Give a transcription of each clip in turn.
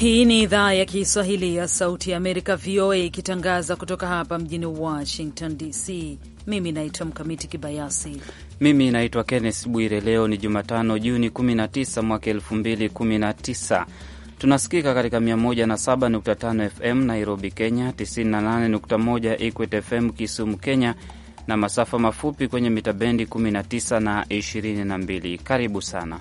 Hii ni idhaa ya Kiswahili ya Sauti ya Amerika, VOA, ikitangaza kutoka hapa mjini Washington DC. Mimi naitwa Mkamiti Kibayasi. Mimi naitwa Kenneth Bwire. Leo ni Jumatano, Juni 19 mwaka 2019. Tunasikika katika 107.5 FM Nairobi, Kenya, 98.1 Equit FM Kisumu, Kenya, na masafa mafupi kwenye mitabendi 19 na 22. Karibu sana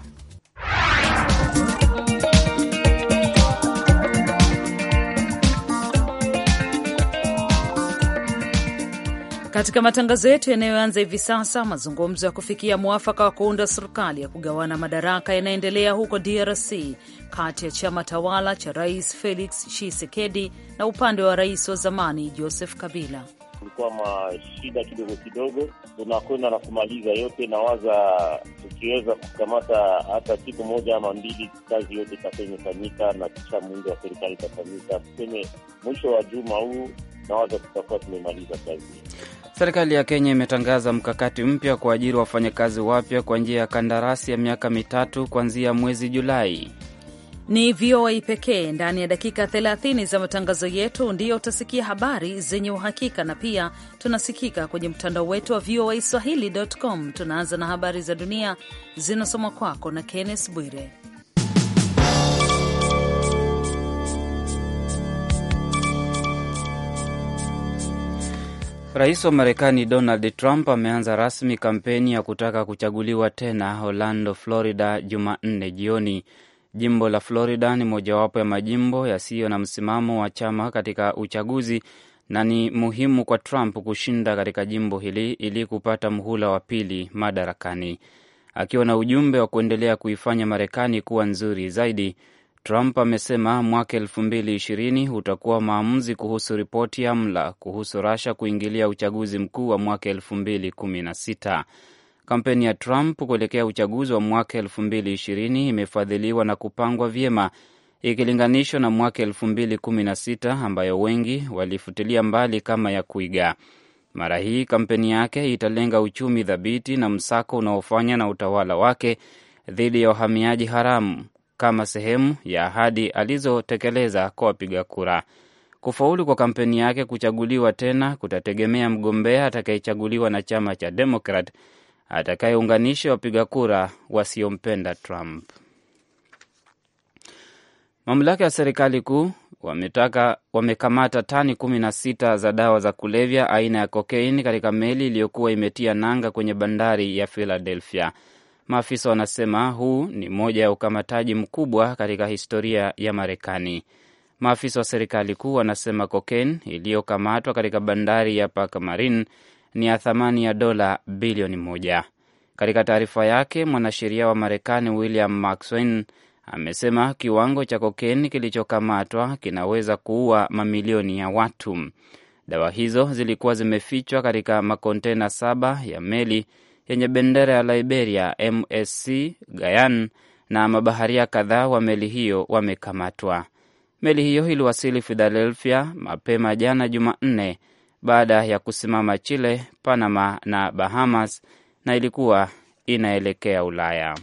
Katika matangazo yetu yanayoanza hivi sasa, mazungumzo ya kufikia mwafaka wa kuunda serikali ya kugawana madaraka yanaendelea huko DRC kati ya chama tawala cha Rais Felix Tshisekedi na upande wa rais wa zamani Joseph Kabila. Kulikuwa mashida kidogo kidogo, tunakwenda na kumaliza yote. Nawaza tukiweza kukamata hata siku moja ama mbili, kazi yote itakuwa imefanyika na kisha muundo wa serikali itafanyika, tuseme mwisho wa juma huu, nawaza tutakuwa tumemaliza kazi. Serikali ya Kenya imetangaza mkakati mpya kwa ajiri wafanyakazi wapya kwa njia ya kandarasi ya miaka mitatu kuanzia mwezi Julai. Ni VOA pekee ndani ya dakika 30 za matangazo yetu ndiyo utasikia habari zenye uhakika, na pia tunasikika kwenye mtandao wetu wa VOA Swahili.com. Tunaanza na habari za dunia zinasomwa kwako na Kenneth Bwire. Rais wa Marekani Donald Trump ameanza rasmi kampeni ya kutaka kuchaguliwa tena Orlando, Florida, Jumanne jioni. Jimbo la Florida ni mojawapo ya majimbo yasiyo na msimamo wa chama katika uchaguzi na ni muhimu kwa Trump kushinda katika jimbo hili ili kupata mhula wa pili madarakani. Akiwa na ujumbe wa kuendelea kuifanya Marekani kuwa nzuri zaidi, Trump amesema mwaka elfu mbili ishirini utakuwa maamuzi kuhusu ripoti ya mla kuhusu rasha kuingilia uchaguzi mkuu wa mwaka elfu mbili kumi na sita. Kampeni ya Trump kuelekea uchaguzi wa mwaka elfu mbili ishirini imefadhiliwa na kupangwa vyema ikilinganishwa na mwaka elfu mbili kumi na sita ambayo wengi walifutilia mbali kama ya kuiga. Mara hii kampeni yake italenga uchumi thabiti na msako unaofanya na utawala wake dhidi ya wahamiaji haramu kama sehemu ya ahadi alizotekeleza kwa wapiga kura. Kufaulu kwa kampeni yake kuchaguliwa tena kutategemea mgombea atakayechaguliwa na chama cha Demokrat atakayeunganisha wapiga kura wasiompenda Trump. Mamlaka ya serikali kuu wametaka wamekamata tani kumi na sita za dawa za kulevya aina ya kokeini katika meli iliyokuwa imetia nanga kwenye bandari ya Philadelphia. Maafisa wanasema huu ni moja ya ukamataji mkubwa katika historia ya Marekani. Maafisa wa serikali kuu wanasema kokaini iliyokamatwa katika bandari ya Pakamarin ni ya thamani ya dola bilioni moja. Katika taarifa yake, mwanasheria wa Marekani William Maxwell amesema kiwango cha kokaini kilichokamatwa kinaweza kuua mamilioni ya watu. Dawa hizo zilikuwa zimefichwa katika makontena saba ya meli yenye bendera ya Liberia MSC Gayan na mabaharia kadhaa wa meli hiyo wamekamatwa. Meli hiyo iliwasili Philadelphia mapema jana Jumanne baada ya kusimama Chile, Panama na Bahamas na ilikuwa inaelekea Ulaya.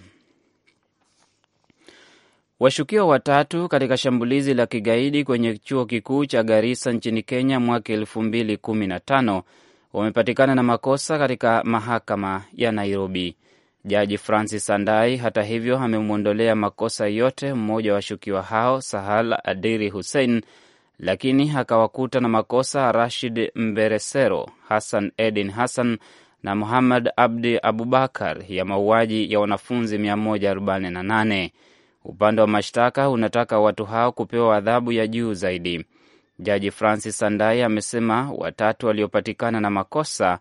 Washukiwa watatu katika shambulizi la kigaidi kwenye chuo kikuu cha Garissa nchini Kenya mwaka elfu mbili kumi na tano wamepatikana na makosa katika mahakama ya Nairobi. Jaji Francis Andai hata hivyo amemwondolea makosa yote mmoja wa washukiwa hao Sahal Adiri Hussein, lakini akawakuta na makosa Rashid Mberesero, Hassan Edin Hassan na Muhammad Abdi Abubakar ya mauaji ya wanafunzi 148. Upande wa mashtaka unataka watu hao kupewa adhabu ya juu zaidi. Jaji Francis Andai amesema watatu waliopatikana na makosa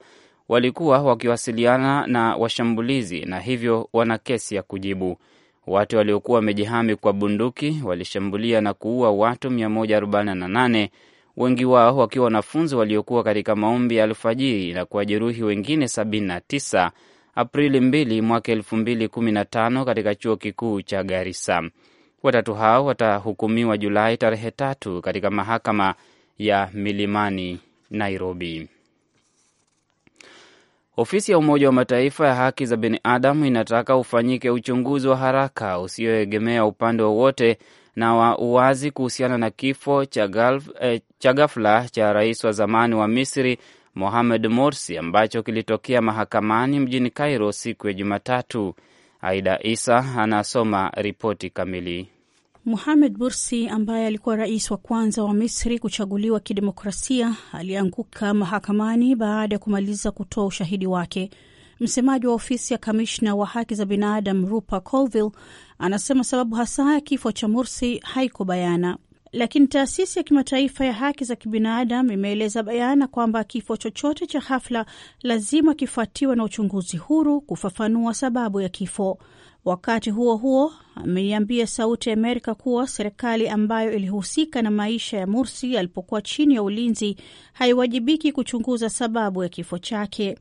walikuwa wakiwasiliana na washambulizi na hivyo wana kesi ya kujibu. Watu waliokuwa wamejihami kwa bunduki walishambulia na kuua watu 148 wengi wao wakiwa wanafunzi waliokuwa katika maombi ya alfajiri na kuwajeruhi wengine 79 Aprili 2 mwaka 2015 katika chuo kikuu cha Garissa. Watatu hao watahukumiwa Julai tarehe tatu katika mahakama ya Milimani, Nairobi. Ofisi ya Umoja wa Mataifa ya haki za binadamu inataka ufanyike uchunguzi wa haraka usioegemea upande wowote na wa uwazi kuhusiana na kifo cha eh, ghafla cha rais wa zamani wa Misri Mohamed Morsi ambacho kilitokea mahakamani mjini Cairo siku ya Jumatatu. Aida Isa anasoma ripoti kamili. Mohamed Bursi ambaye alikuwa rais wa kwanza wa Misri kuchaguliwa kidemokrasia alianguka mahakamani baada ya kumaliza kutoa ushahidi wake. Msemaji wa ofisi ya kamishna wa haki za binadamu Rupa Colville anasema sababu hasa ya kifo cha Mursi haiko bayana. Lakini taasisi ya kimataifa ya haki za kibinadamu imeeleza bayana kwamba kifo chochote cha hafla lazima kifuatiwe na uchunguzi huru kufafanua sababu ya kifo. Wakati huo huo, ameiambia Sauti ya Amerika kuwa serikali ambayo ilihusika na maisha ya Mursi alipokuwa chini ya ulinzi haiwajibiki kuchunguza sababu ya kifo chake.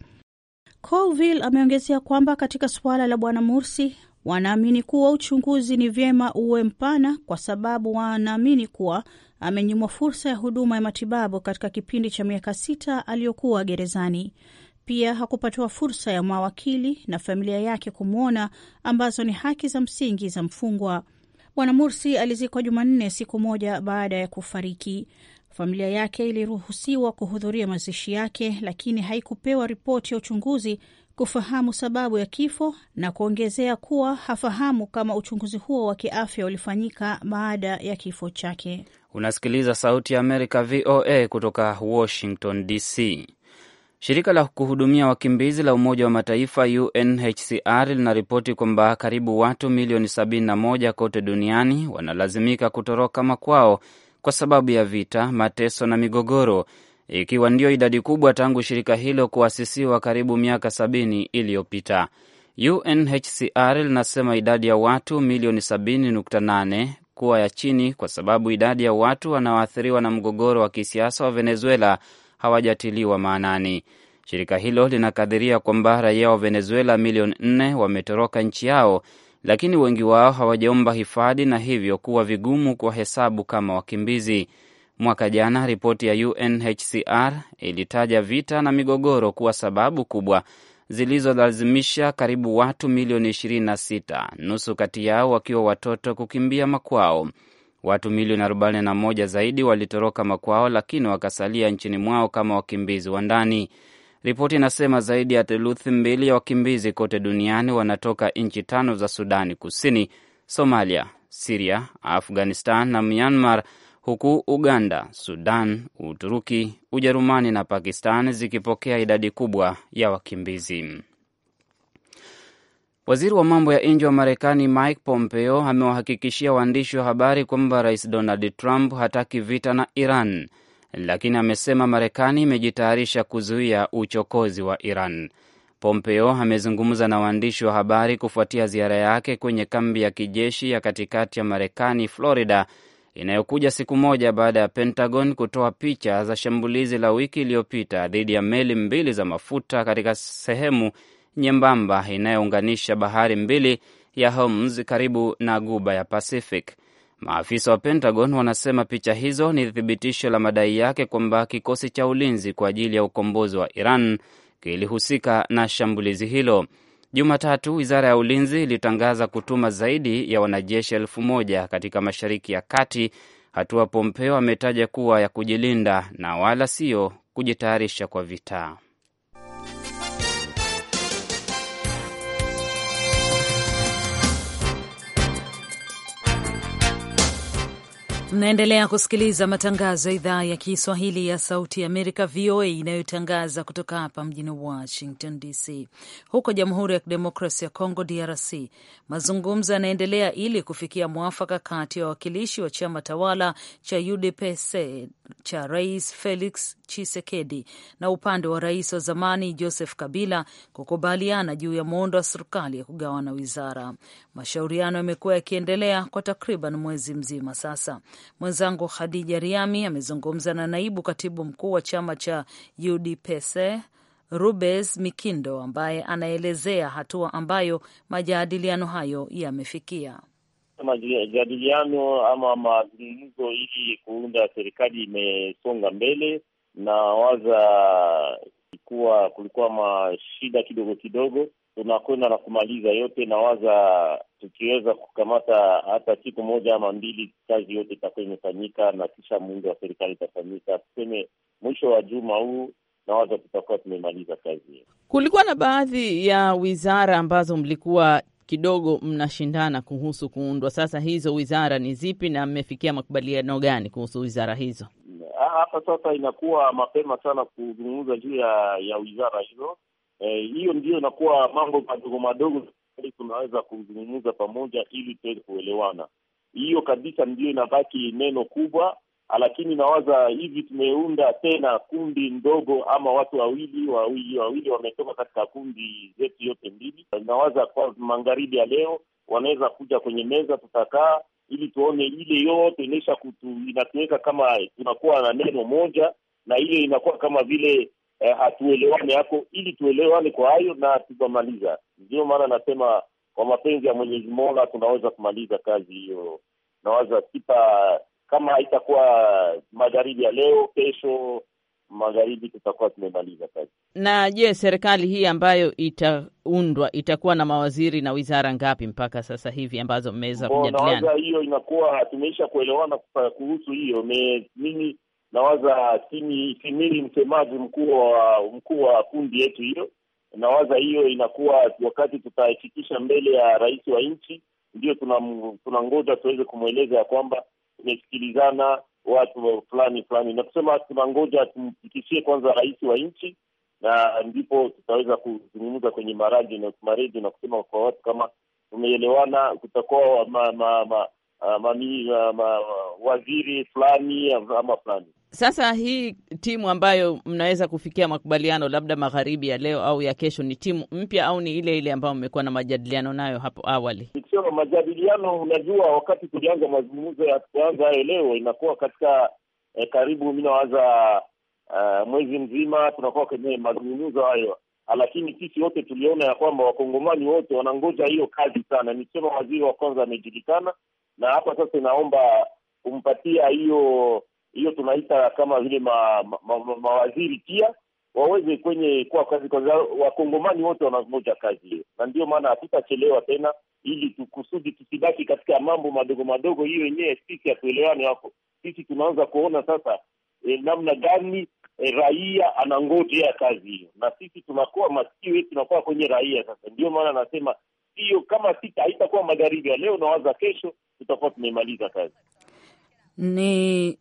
Colville ameongezea kwamba katika suala la Bwana Mursi, Wanaamini kuwa uchunguzi ni vyema uwe mpana, kwa sababu wanaamini kuwa amenyimwa fursa ya huduma ya matibabu katika kipindi cha miaka sita aliyokuwa gerezani. Pia hakupatiwa fursa ya mawakili na familia yake kumwona, ambazo ni haki za msingi za mfungwa. Bwana Mursi alizikwa Jumanne, siku moja baada ya kufariki. Familia yake iliruhusiwa kuhudhuria mazishi yake, lakini haikupewa ripoti ya uchunguzi kufahamu sababu ya kifo na kuongezea kuwa hafahamu kama uchunguzi huo wa kiafya ulifanyika baada ya kifo chake. Unasikiliza Sauti ya Amerika, VOA, kutoka Washington DC. Shirika la kuhudumia wakimbizi la Umoja wa Mataifa, UNHCR, linaripoti kwamba karibu watu milioni 71 kote duniani wanalazimika kutoroka makwao kwa sababu ya vita, mateso na migogoro ikiwa ndiyo idadi kubwa tangu shirika hilo kuasisiwa karibu miaka sabini iliyopita. UNHCR linasema idadi ya watu milioni 70.8 kuwa ya chini kwa sababu idadi ya watu wanaoathiriwa na mgogoro wa kisiasa wa Venezuela hawajatiliwa maanani. Shirika hilo linakadhiria kwamba raia wa Venezuela milioni 4 wametoroka nchi yao, lakini wengi wao hawajaomba hifadhi na hivyo kuwa vigumu kuwahesabu kama wakimbizi. Mwaka jana ripoti ya UNHCR ilitaja vita na migogoro kuwa sababu kubwa zilizolazimisha karibu watu milioni 26, nusu kati yao wakiwa watoto, kukimbia makwao. Watu milioni 41 zaidi walitoroka makwao, lakini wakasalia nchini mwao kama wakimbizi wa ndani. Ripoti inasema zaidi ya theluthi mbili ya wakimbizi kote duniani wanatoka nchi tano za Sudani Kusini, Somalia, Siria, Afghanistan na Myanmar huku Uganda, Sudan, Uturuki, Ujerumani na Pakistan zikipokea idadi kubwa ya wakimbizi. Waziri wa mambo ya nje wa Marekani Mike Pompeo amewahakikishia waandishi wa habari kwamba Rais Donald Trump hataki vita na Iran, lakini amesema Marekani imejitayarisha kuzuia uchokozi wa Iran. Pompeo amezungumza na waandishi wa habari kufuatia ziara yake kwenye kambi ya kijeshi ya katikati ya Marekani, Florida, inayokuja siku moja baada ya Pentagon kutoa picha za shambulizi la wiki iliyopita dhidi ya meli mbili za mafuta katika sehemu nyembamba inayounganisha bahari mbili ya Hormuz karibu na guba ya Pacific. Maafisa wa Pentagon wanasema picha hizo ni thibitisho la madai yake kwamba kikosi cha ulinzi kwa ajili ya ukombozi wa Iran kilihusika na shambulizi hilo. Jumatatu wizara ya ulinzi ilitangaza kutuma zaidi ya wanajeshi elfu moja katika mashariki ya kati, hatua Pompeo ametaja kuwa ya kujilinda na wala sio kujitayarisha kwa vita. Mnaendelea kusikiliza matangazo ya idhaa ya Kiswahili ya Sauti ya Amerika, VOA, inayotangaza kutoka hapa mjini Washington DC. Huko Jamhuri ya Kidemokrasi ya congo DRC, mazungumzo yanaendelea ili kufikia mwafaka kati ya wawakilishi wa chama tawala cha UDPS cha Rais Felix chisekedi na upande wa rais wa zamani Joseph Kabila kukubaliana juu ya muundo wa serikali ya kugawana wizara. Mashauriano yamekuwa yakiendelea kwa takriban mwezi mzima sasa. Mwenzangu Khadija Riami amezungumza na naibu katibu mkuu wa chama cha UDPS Rubes Mikindo ambaye anaelezea hatua ambayo majadiliano hayo yamefikia. Majadiliano ama mazungumzo ili kuunda serikali imesonga mbele, na waza kuwa kulikuwa mashida kidogo kidogo, tunakwenda na kumaliza yote. Nawaza tukiweza kukamata hata siku moja ama mbili, kazi yote itakuwa imefanyika na kisha muundo wa serikali itafanyika. Tuseme mwisho wa juma huu, nawaza tutakuwa tumemaliza kazi hiyo. Kulikuwa na baadhi ya wizara ambazo mlikuwa kidogo mnashindana kuhusu kuundwa. Sasa hizo wizara ni zipi na mmefikia makubaliano gani kuhusu wizara hizo? Hapa sasa inakuwa mapema sana kuzungumza juu ya, ya wizara hizo Eh, hiyo e, ndio inakuwa mambo madogo madogo tunaweza kuzungumza pamoja ili tuweze kuelewana. Hiyo kabisa ndiyo inabaki neno kubwa, lakini nawaza hivi, tumeunda tena kundi ndogo ama watu wawili wawili wawili wametoka katika kundi zetu yote mbili. Nawaza kwa magharibi ya leo wanaweza kuja kwenye meza, tutakaa ili tuone ile yote inaisha kutu, inatuweka kama tunakuwa na neno moja, na ile inakuwa kama vile eh, hatuelewane hapo, ili tuelewane kwa hayo na tutamaliza. Ndio maana nasema kwa mapenzi ya Mwenyezi Mola tunaweza kumaliza kazi hiyo. Nawaza kipa kama haitakuwa magharibi ya leo, kesho magharibi tutakuwa tumemaliza kazi. Na je, serikali hii ambayo itaundwa itakuwa na mawaziri na wizara ngapi mpaka sasa hivi ambazo mmeweza kujadiliana? Nawaza hiyo inakuwa tumeisha kuelewana kuhusu hiyo. Mimi nawaza timi timili msemaji mkuu wa mkuu wa kundi yetu hiyo, nawaza hiyo inakuwa wakati tutaifikisha mbele ya rais wa nchi, ndio tunangoja tuweze kumweleza ya kwamba tumesikilizana watu fulani fulani, na kusema tunangoja tumfikishie kwanza rais wa nchi, na ndipo tutaweza kuzungumza kwenye maradi na maredio na kusema kwa watu kama tumeelewana, kutakuwa ma, ma, ma, ma, ma, ma, ma, waziri fulani ama fulani. Sasa hii timu ambayo mnaweza kufikia makubaliano labda magharibi ya leo au ya kesho, ni timu mpya au ni ile ile ambayo mmekuwa na majadiliano nayo hapo awali? Sio majadiliano, unajua wakati kulianza mazungumzo ya kuanza hayo leo, inakuwa katika eh, karibu mi nawaza uh, mwezi mzima tunakuwa kwenye mazungumzo hayo, lakini sisi wote tuliona ya kwamba wakongomani wote wanangoja hiyo kazi sana. Nikisema waziri wa kwanza amejulikana, na hapa sasa inaomba kumpatia hiyo hiyo tunaita kama vile ma, ma, ma, ma, mawaziri pia waweze kwenye kuwa kazi kwanza. Wakongomani wote wanangoja kazi hiyo, na ndio maana hatutachelewa tena, ili tukusudi tusibaki katika mambo madogo madogo. Hiyo yenyewe sisi hatuelewani hapo. Sisi tunaanza kuona sasa e, namna gani e, raia anangojea kazi hiyo, na sisi tunakuwa masikio yetu tunakuwa kwenye raia. Sasa ndio maana anasema hiyo kama sita haitakuwa magharibi ya leo, nawaza kesho tutakuwa tumemaliza kazi ni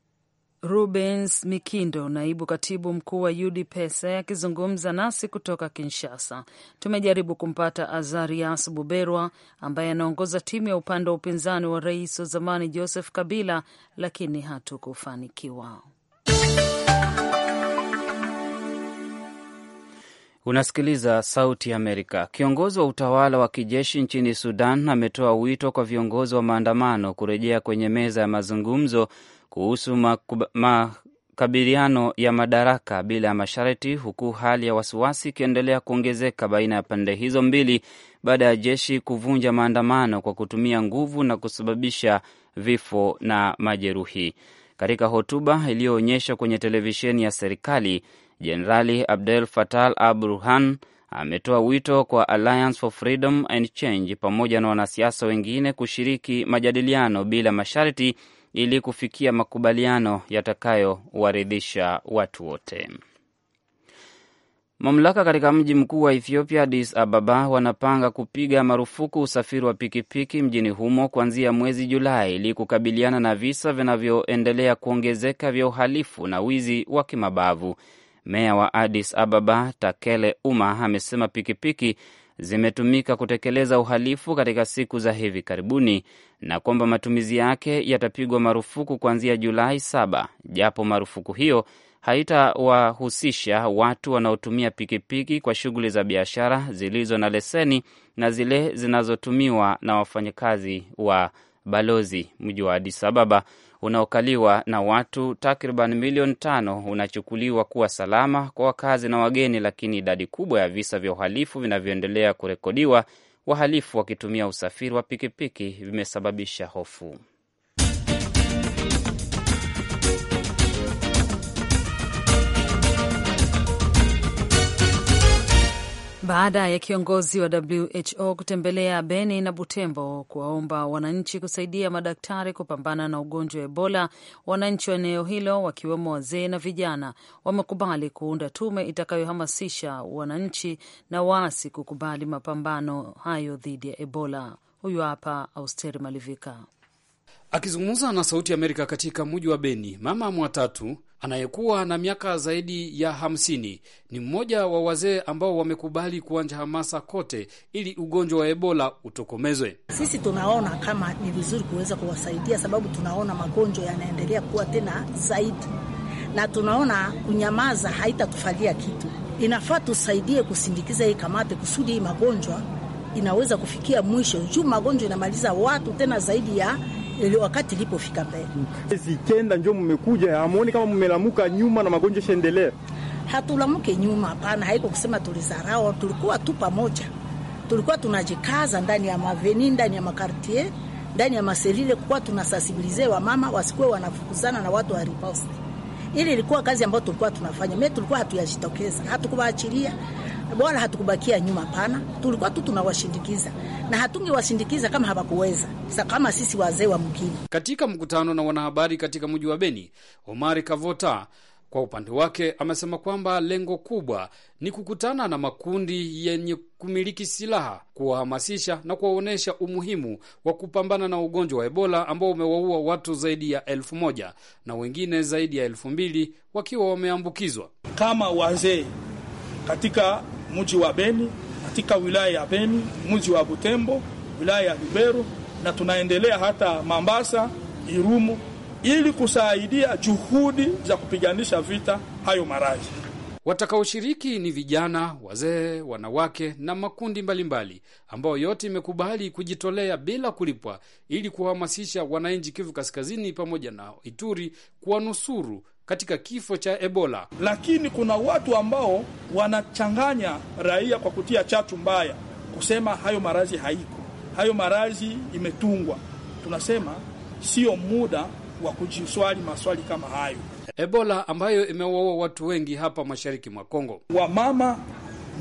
Rubens Mikindo, naibu katibu mkuu wa UDPESA, akizungumza nasi kutoka Kinshasa. Tumejaribu kumpata Azarias Buberwa ambaye anaongoza timu ya upande wa upinzani wa rais wa zamani Joseph Kabila, lakini hatukufanikiwa. Unasikiliza Sauti ya Amerika. Kiongozi wa utawala wa kijeshi nchini Sudan ametoa wito kwa viongozi wa maandamano kurejea kwenye meza ya mazungumzo kuhusu makabiliano ya madaraka bila ya masharti, huku hali ya wasiwasi ikiendelea kuongezeka baina ya pande hizo mbili baada ya jeshi kuvunja maandamano kwa kutumia nguvu na kusababisha vifo na majeruhi. Katika hotuba iliyoonyeshwa kwenye televisheni ya serikali, Jenerali Abdel Fattah al-Burhan ametoa wito kwa Alliance for Freedom and Change pamoja na wanasiasa wengine kushiriki majadiliano bila masharti ili kufikia makubaliano yatakayowaridhisha watu wote. Mamlaka katika mji mkuu wa Ethiopia, Addis Ababa, wanapanga kupiga marufuku usafiri wa pikipiki mjini humo kuanzia mwezi Julai ili kukabiliana na visa vinavyoendelea kuongezeka vya uhalifu na wizi wa kimabavu. Meya wa Addis Ababa, Takele uma amesema pikipiki zimetumika kutekeleza uhalifu katika siku za hivi karibuni na kwamba matumizi yake yatapigwa marufuku kuanzia Julai saba, japo marufuku hiyo haitawahusisha watu wanaotumia pikipiki kwa shughuli za biashara zilizo na leseni na zile zinazotumiwa na wafanyakazi wa balozi mji wa Addis Ababa unaokaliwa na watu takriban milioni tano unachukuliwa kuwa salama kwa wakazi na wageni, lakini idadi kubwa ya visa vya uhalifu vinavyoendelea kurekodiwa, wahalifu wakitumia usafiri wa pikipiki, vimesababisha hofu. baada ya kiongozi wa WHO kutembelea Beni na Butembo kuwaomba wananchi kusaidia madaktari kupambana na ugonjwa wa Ebola, wananchi wa eneo hilo wakiwemo wazee na vijana wamekubali kuunda tume itakayohamasisha wananchi na waasi kukubali mapambano hayo dhidi ya Ebola. Huyu hapa Austeri Malivika. Akizungumza na Sauti ya Amerika katika mji wa Beni, mama Mwatatu anayekuwa na miaka zaidi ya hamsini ni mmoja wa wazee ambao wamekubali kuanja hamasa kote ili ugonjwa wa Ebola utokomezwe. Sisi tunaona kama ni vizuri kuweza kuwasaidia, sababu tunaona magonjwa yanaendelea kuwa tena zaidi, na tunaona kunyamaza haitatufalia kitu. Inafaa tusaidie kusindikiza hii kamate kusudi hii magonjwa inaweza kufikia mwisho, juu magonjwa inamaliza watu tena zaidi ya wakati ilipofika mbele. Miezi kenda njo mmekuja, hamuoni kama mmelamuka nyuma na magonjwa shaendelea? Hatulamuke nyuma, hapana. Haiko kusema tulizarao, tulikuwa tu pamoja, tulikuwa tunajikaza ndani ya maveni, ndani ya makartier, ndani ya maselile, kuwa tunasasibilize wamama wasikuwe wanafukuzana na watu wa riposte. Ili ilikuwa kazi ambayo tulikuwa tunafanya, me tulikuwa hatuyajitokeza, hatukubaachilia wala hatukubakia nyuma, pana tulikuwa tu tunawashindikiza na hatungewashindikiza kama hawakuweza, sa kama sisi wazee wa mgini. Katika mkutano na wanahabari katika mji wa Beni, Omari Kavota kwa upande wake amesema kwamba lengo kubwa ni kukutana na makundi yenye kumiliki silaha, kuwahamasisha na kuwaonyesha umuhimu wa kupambana na ugonjwa wa Ebola ambao umewaua watu zaidi ya elfu moja na wengine zaidi ya elfu mbili wakiwa wameambukizwa. Kama wazee katika mji wa Beni, katika wilaya ya Beni, mji wa Butembo, wilaya ya Lubero na tunaendelea hata Mambasa, Irumu ili kusaidia juhudi za kupiganisha vita hayo maradhi. Watakaoshiriki ni vijana, wazee, wanawake na makundi mbalimbali, ambao yote imekubali kujitolea bila kulipwa ili kuhamasisha wananchi Kivu Kaskazini pamoja na Ituri kuwanusuru katika kifo cha Ebola. Lakini kuna watu ambao wanachanganya raia kwa kutia chatu mbaya, kusema hayo marazi haiko, hayo marazi imetungwa. Tunasema sio muda wa kujiswali maswali kama hayo. Ebola ambayo imewaua watu wengi hapa mashariki mwa Kongo, wamama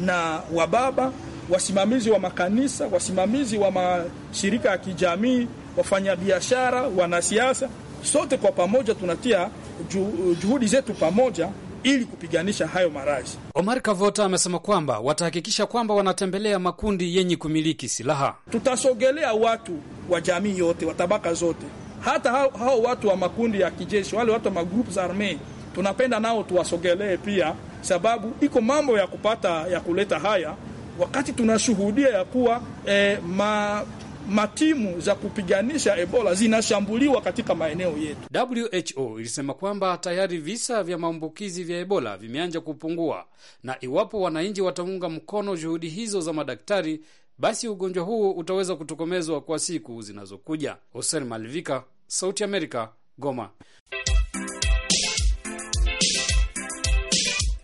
na wababa, wasimamizi wa makanisa, wasimamizi wa mashirika ya kijamii, wafanyabiashara, wanasiasa sote kwa pamoja tunatia ju, juhudi zetu pamoja ili kupiganisha hayo marazi. Omar Kavota amesema kwamba watahakikisha kwamba wanatembelea makundi yenye kumiliki silaha. Tutasogelea watu wa jamii yote, wa tabaka zote, hata hao, hao watu wa makundi ya kijeshi, wale watu wa magrupu za armee, tunapenda nao tuwasogelee pia, sababu iko mambo ya kupata ya kuleta haya wakati tunashuhudia ya kuwa eh, ma matimu za kupiganisha Ebola zinashambuliwa katika maeneo yetu. WHO ilisema kwamba tayari visa vya maambukizi vya Ebola vimeanza kupungua, na iwapo wananchi wataunga mkono juhudi hizo za madaktari, basi ugonjwa huu utaweza kutokomezwa kwa siku zinazokuja. Hosen Malivika, Sauti Amerika, Goma.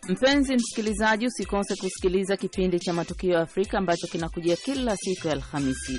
Mpenzi msikilizaji, usikose kusikiliza kipindi cha Matukio ya Afrika ambacho kinakujia kila siku ya Alhamisi.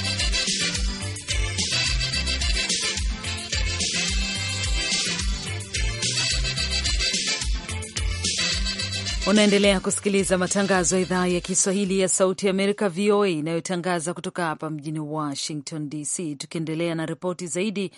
Unaendelea kusikiliza matangazo ya idhaa ya Kiswahili ya Sauti Amerika, VOA, inayotangaza kutoka hapa mjini Washington DC. Tukiendelea na ripoti zaidi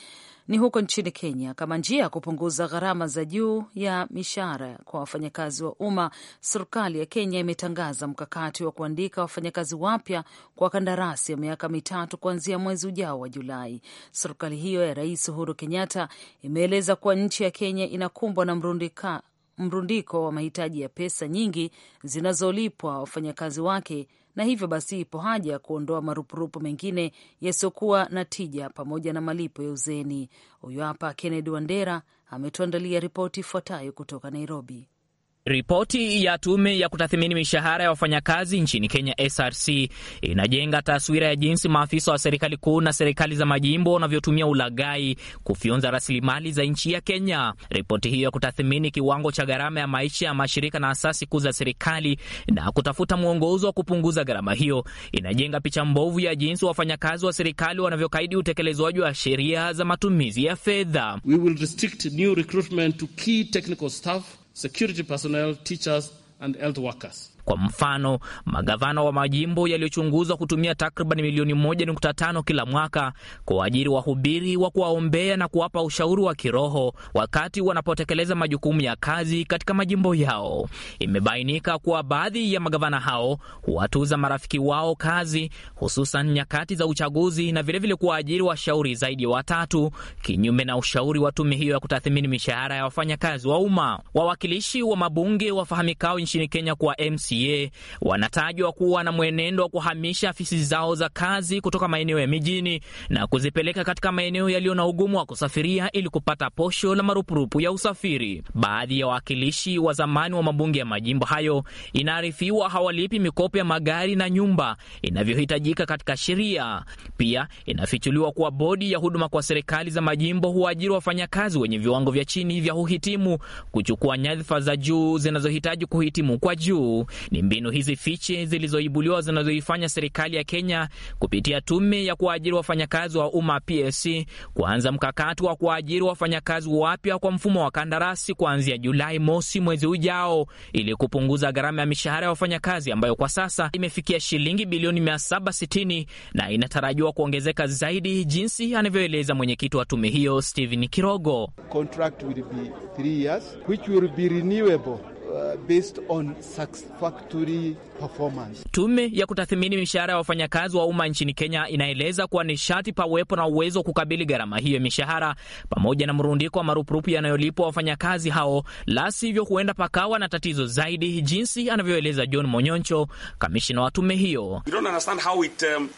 ni huko nchini Kenya. Kama njia ya kupunguza gharama za juu ya mishahara kwa wafanyakazi wa umma, serikali ya Kenya imetangaza mkakati wa kuandika wafanyakazi wapya kwa kandarasi ya miaka mitatu kuanzia mwezi ujao wa Julai. Serikali hiyo ya Rais Uhuru Kenyatta imeeleza kuwa nchi ya Kenya inakumbwa na mrundika mrundiko wa mahitaji ya pesa nyingi zinazolipwa wafanyakazi wake, na hivyo basi ipo haja ya kuondoa marupurupu mengine yasiyokuwa na tija pamoja na malipo ya uzeni. Huyu hapa Kennedy Wandera ametuandalia ripoti ifuatayo kutoka Nairobi. Ripoti ya tume ya kutathimini mishahara ya wafanyakazi nchini Kenya, SRC, inajenga taswira ya jinsi maafisa wa serikali kuu na serikali za majimbo wanavyotumia ulaghai kufyonza rasilimali za nchi ya Kenya. Ripoti hiyo ya kutathimini kiwango cha gharama ya maisha ya mashirika na asasi kuu za serikali na kutafuta mwongozo wa kupunguza gharama hiyo inajenga picha mbovu ya jinsi wafanyakazi wa serikali wanavyokaidi utekelezwaji wa sheria za matumizi ya fedha. security personnel, teachers, and health workers. Kwa mfano, magavana wa majimbo yaliyochunguzwa kutumia takriban milioni 1.5 kila mwaka kuajiri wahubiri wa kuwaombea na kuwapa ushauri wa kiroho wakati wanapotekeleza majukumu ya kazi katika majimbo yao. Imebainika kuwa baadhi ya magavana hao huwatuza marafiki wao kazi, hususan nyakati za uchaguzi, na vilevile kuwaajiri washauri zaidi ya watatu, kinyume na ushauri wa tume hiyo ya kutathimini mishahara ya wafanyakazi wa umma. Wawakilishi wa mabunge wafahamikao nchini Kenya kwa MC DCA wanatajwa kuwa na mwenendo wa kuhamisha afisi zao za kazi kutoka maeneo ya mijini na kuzipeleka katika maeneo yaliyo na ugumu wa kusafiria ili kupata posho la marupurupu ya usafiri. Baadhi ya wawakilishi wa zamani wa mabunge ya majimbo hayo inaarifiwa hawalipi mikopo ya magari na nyumba inavyohitajika katika sheria. Pia inafichuliwa kuwa bodi ya huduma kwa serikali za majimbo huajiri wafanyakazi wenye viwango vya chini vya uhitimu kuchukua nyadhifa za juu zinazohitaji kuhitimu kwa juu. Ni mbinu hizi fiche zilizoibuliwa zinazoifanya serikali ya Kenya kupitia tume ya kuajiri wafanyakazi wa umma PSC kuanza mkakati wa kuajiri wafanyakazi wapya kwa mfumo wa kandarasi kuanzia Julai mosi mwezi ujao ili kupunguza gharama ya mishahara ya wafanyakazi ambayo kwa sasa imefikia shilingi bilioni 760 na inatarajiwa kuongezeka zaidi, jinsi anavyoeleza mwenyekiti wa tume hiyo stephen Kirogo. Contract will be three years, which will be renewable. Uh, based on satisfactory performance. Tume ya kutathimini mishahara ya wafanyakazi wa umma nchini Kenya inaeleza kuwa ni sharti pawepo na uwezo wa kukabili gharama hiyo ya mishahara pamoja na mrundiko wa marupurupu yanayolipwa wafanyakazi hao, la sivyo huenda pakawa na tatizo zaidi, jinsi anavyoeleza John Monyoncho, kamishina wa tume hiyo. Um,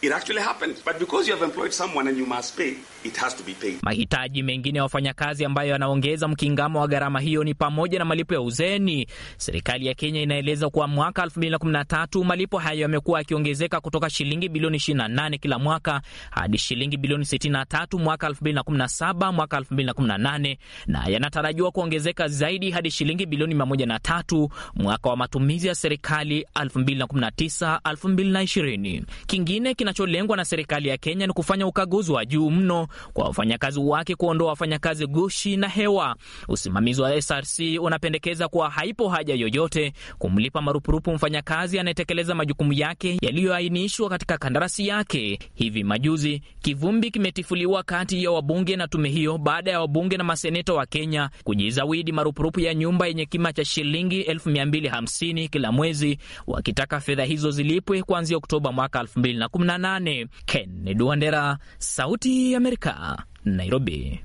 Mahitaji mengine ya wafanyakazi ambayo yanaongeza mkingamo wa gharama hiyo ni pamoja na malipo ya uzeni, Serikali ya Kenya inaeleza kuwa mwaka 2013 malipo hayo yamekuwa yakiongezeka kutoka shilingi bilioni 28 kila mwaka hadi shilingi bilioni 63 mwaka 2017, mwaka 2018 na yanatarajiwa kuongezeka zaidi hadi shilingi bilioni 103 mwaka wa matumizi ya serikali 2019 2020. Kingine kinacholengwa na serikali ya Kenya ni kufanya ukaguzi wa juu mno kwa wafanyakazi wake, kuondoa wafanyakazi gushi na hewa. Usimamizi wa SRC unapendekeza kuwa haipo haja yoyote kumlipa marupurupu mfanyakazi anayetekeleza majukumu yake yaliyoainishwa katika kandarasi yake. Hivi majuzi kivumbi kimetifuliwa kati ya wabunge na tume hiyo baada ya wabunge na maseneta wa Kenya kujizawidi marupurupu ya nyumba yenye kima cha shilingi 250 kila mwezi, wakitaka fedha hizo zilipwe kuanzia Oktoba mwaka 2018. Kennedy Wandera, Sauti ya Amerika, Nairobi.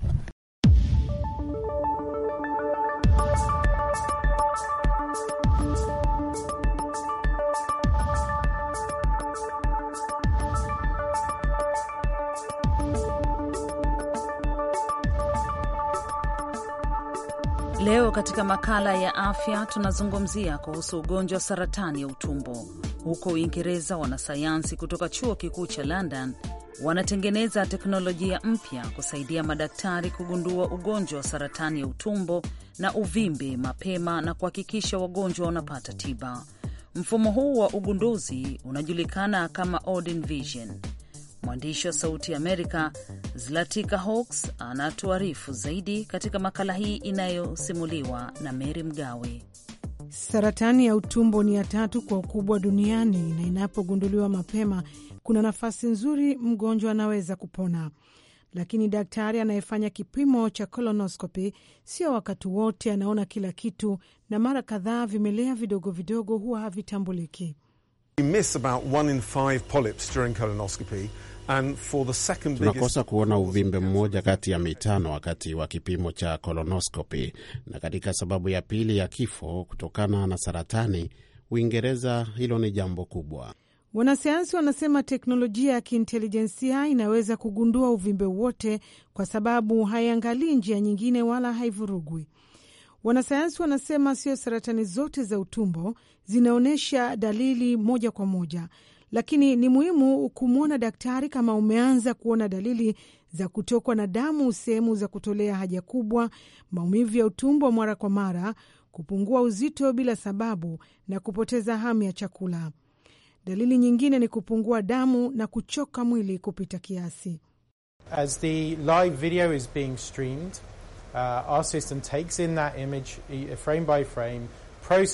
Leo katika makala ya afya tunazungumzia kuhusu ugonjwa wa saratani ya utumbo. Huko Uingereza, wanasayansi kutoka chuo kikuu cha London wanatengeneza teknolojia mpya kusaidia madaktari kugundua ugonjwa wa saratani ya utumbo na uvimbe mapema na kuhakikisha wagonjwa wanapata tiba. Mfumo huu wa ugunduzi unajulikana kama Odin Vision. Mwandishi wa Sauti ya Amerika Zlatika Hawks anatuarifu zaidi katika makala hii inayosimuliwa na Meri Mgawe. Saratani ya utumbo ni ya tatu kwa ukubwa duniani, na inapogunduliwa mapema, kuna nafasi nzuri mgonjwa anaweza kupona. Lakini daktari anayefanya kipimo cha colonoscopy sio wakati wote anaona kila kitu, na mara kadhaa vimelea vidogo vidogo huwa havitambuliki. We miss about one in five polyps during colonoscopy. Tunakosa kuona uvimbe mmoja kati ya mitano wakati wa kipimo cha colonoscopy. Na katika sababu ya pili ya kifo kutokana na saratani Uingereza, hilo ni jambo kubwa. Wanasayansi wanasema teknolojia ya kiintelijensia inaweza kugundua uvimbe wote, kwa sababu haiangalii njia nyingine wala haivurugwi. Wanasayansi wanasema sio saratani zote za utumbo zinaonyesha dalili moja kwa moja, lakini ni muhimu kumwona daktari kama umeanza kuona dalili za kutokwa na damu sehemu za kutolea haja kubwa, maumivu ya utumbo mara kwa mara, kupungua uzito bila sababu na kupoteza hamu ya chakula. Dalili nyingine ni kupungua damu na kuchoka mwili kupita kiasi. As the live video is being streamed, uh, our system takes in that image uh, frame by frame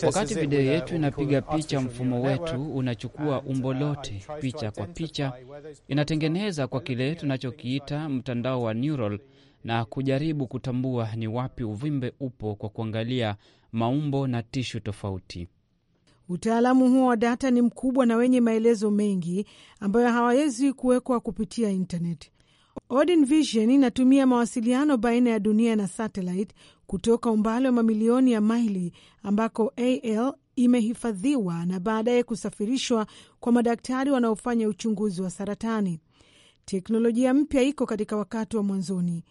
Wakati video uh, yetu inapiga picha, mfumo wetu unachukua uh, umbo lote picha kwa picha, inatengeneza kwa kile tunachokiita mtandao wa neural na kujaribu kutambua ni wapi uvimbe upo kwa kuangalia maumbo na tishu tofauti. Utaalamu huo wa data ni mkubwa na wenye maelezo mengi ambayo hawawezi kuwekwa kupitia intaneti. Odin Vision inatumia mawasiliano baina ya dunia na satellite kutoka umbali wa mamilioni ya maili ambako AL imehifadhiwa na baadaye kusafirishwa kwa madaktari wanaofanya uchunguzi wa saratani. Teknolojia mpya iko katika wakati wa mwanzoni.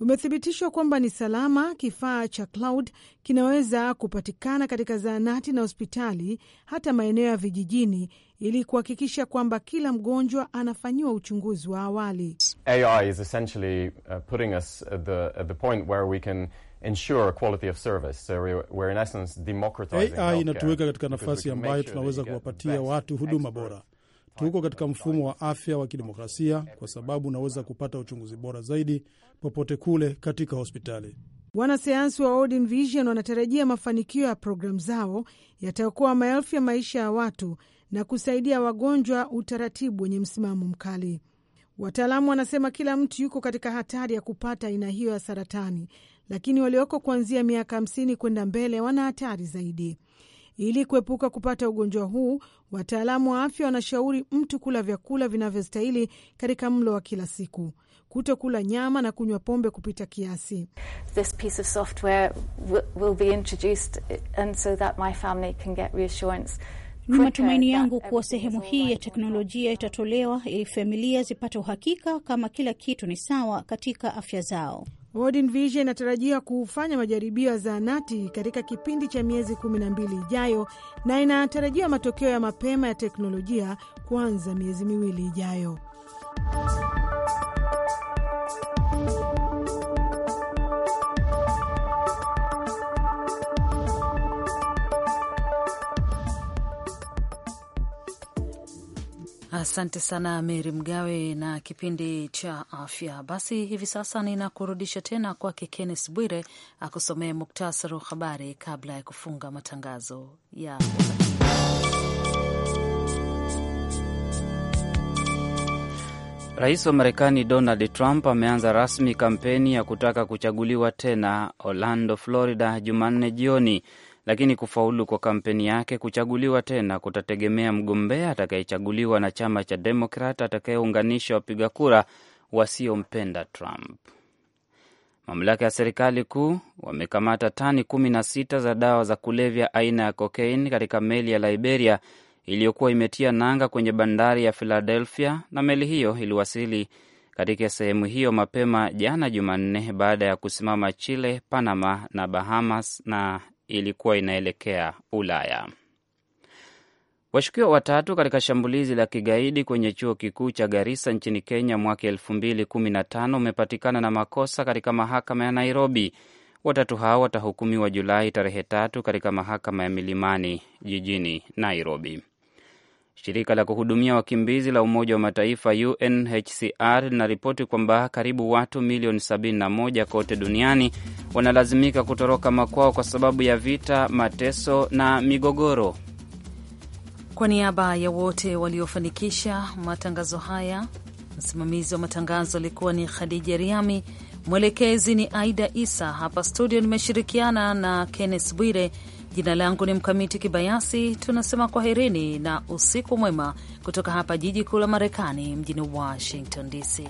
Umethibitishwa kwamba ni salama. Kifaa cha cloud kinaweza kupatikana katika zahanati na hospitali, hata maeneo ya vijijini, ili kuhakikisha kwamba kila mgonjwa anafanyiwa uchunguzi wa awali. AI is AI inatuweka katika nafasi ambayo tunaweza kuwapatia watu huduma bora. Tuko katika mfumo wa afya wa kidemokrasia, kwa sababu unaweza kupata uchunguzi bora zaidi popote kule katika hospitali. Wanasayansi wa Odin Vision wanatarajia mafanikio ya programu zao yataokoa maelfu ya maisha ya watu na kusaidia wagonjwa utaratibu wenye msimamo mkali. Wataalamu wanasema kila mtu yuko katika hatari ya kupata aina hiyo ya saratani, lakini walioko kuanzia miaka hamsini kwenda mbele wana hatari zaidi. Ili kuepuka kupata ugonjwa huu, wataalamu wa afya wanashauri mtu kula vyakula vinavyostahili katika mlo wa kila siku, kuto kula nyama na kunywa pombe kupita kiasi. Ni matumaini yangu kuwa sehemu hii ya teknolojia itatolewa ili familia zipate uhakika kama kila kitu ni sawa katika afya zao. World Vision inatarajia kufanya majaribio ya zahanati katika kipindi cha miezi 12 ijayo na inatarajia matokeo ya mapema ya teknolojia kuanza miezi miwili ijayo. Asante sana Meri Mgawe na kipindi cha afya. Basi hivi sasa ninakurudisha tena kwake Kennes Bwire akusomee muktasari wa habari kabla ya kufunga matangazo ya Rais wa Marekani Donald Trump ameanza rasmi kampeni ya kutaka kuchaguliwa tena Orlando, Florida, Jumanne jioni lakini kufaulu kwa kampeni yake kuchaguliwa tena kutategemea mgombea atakayechaguliwa na chama cha Demokrat atakayeunganisha wapiga kura wasiompenda Trump. Mamlaka ya serikali kuu wamekamata tani kumi na sita za dawa za kulevya aina ya kokaini katika meli ya Liberia iliyokuwa imetia nanga kwenye bandari ya Philadelphia, na meli hiyo iliwasili katika sehemu hiyo mapema jana Jumanne baada ya kusimama Chile, Panama na Bahamas na ilikuwa inaelekea Ulaya. Washukiwa watatu katika shambulizi la kigaidi kwenye chuo kikuu cha Garissa nchini Kenya mwaka elfu umepatikana na makosa katika mahakama ya Nairobi. Watatu hao watahukumiwa Julai tarehe tatu katika mahakama ya Milimani jijini Nairobi. Shirika la kuhudumia wakimbizi la Umoja wa Mataifa UNHCR linaripoti kwamba karibu watu milioni 71 kote duniani wanalazimika kutoroka makwao kwa sababu ya vita, mateso na migogoro. Kwa niaba ya wote waliofanikisha matangazo haya, msimamizi wa matangazo alikuwa ni Khadija Riami, mwelekezi ni Aida Isa. Hapa studio nimeshirikiana na Kenneth Bwire. Jina langu ni Mkamiti Kibayasi. Tunasema kwaherini na usiku mwema kutoka hapa jiji kuu la Marekani, mjini Washington DC.